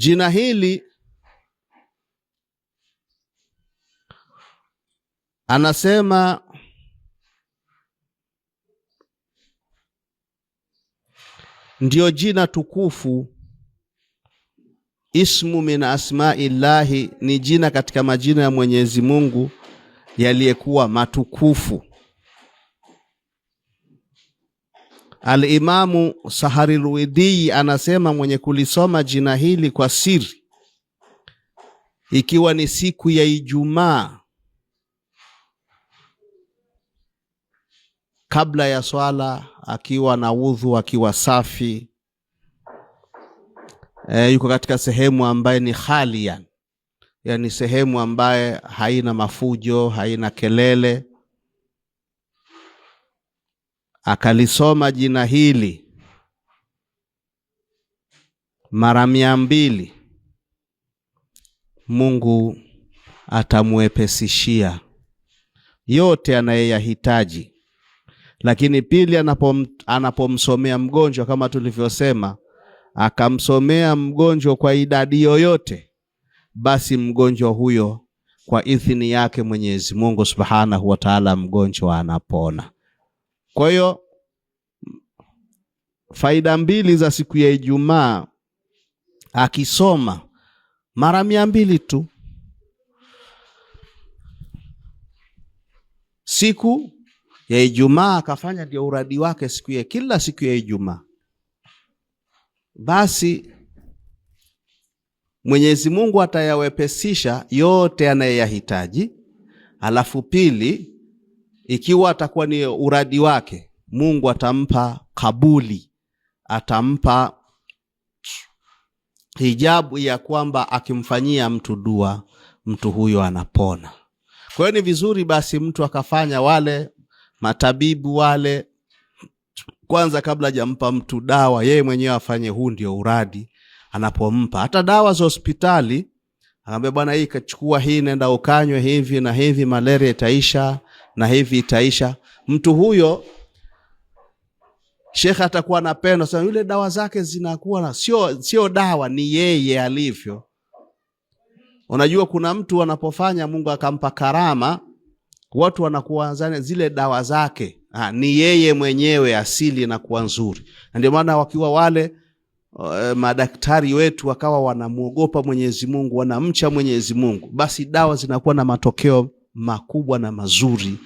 Jina hili anasema ndio jina tukufu, ismu min asmaillahi, ni jina katika majina ya Mwenyezi Mungu yaliyekuwa matukufu. Alimamu Saharilwidii anasema mwenye kulisoma jina hili kwa siri, ikiwa ni siku ya Ijumaa kabla ya swala, akiwa na udhu, akiwa safi e, yuko katika sehemu ambaye ni khalian, yani sehemu ambaye haina mafujo, haina kelele akalisoma jina hili mara mia mbili, Mungu atamwepesishia yote anayeyahitaji. Lakini pili, anapom, anapomsomea mgonjwa kama tulivyosema, akamsomea mgonjwa kwa idadi yoyote, basi mgonjwa huyo kwa idhini yake Mwenyezi Mungu Subhanahu wa Ta'ala, mgonjwa anapona. Kwa hiyo faida mbili za siku ya Ijumaa akisoma mara mia mbili tu siku ya Ijumaa akafanya ndio uradi wake siku ya kila siku ya Ijumaa, basi Mwenyezi Mungu atayawepesisha yote anayeyahitaji. Alafu pili, ikiwa atakuwa ni uradi wake, Mungu atampa kabuli atampa hijabu ya kwamba akimfanyia mtu dua mtu huyo anapona. Kwa hiyo ni vizuri basi mtu akafanya wale matabibu wale kwanza, kabla hajampa mtu dawa, yeye mwenyewe afanye, huu ndio uradi anapompa hata dawa za hospitali, anambia bwana, hii kachukua hii, nenda ukanywe hivi na hivi, malaria itaisha na hivi itaisha. Mtu huyo shekhe atakuwa anapenda sema yule dawa zake zinakuwa na sio, sio dawa ni yeye alivyo. Unajua kuna mtu anapofanya Mungu akampa karama, watu wanakuwa zile dawa zake ha, ah, ni yeye mwenyewe, asili inakuwa nzuri, na ndio maana wakiwa wale Uh, madaktari wetu wakawa wanamwogopa Mwenyezi Mungu, wanamcha Mwenyezi Mungu, basi dawa zinakuwa na matokeo makubwa na mazuri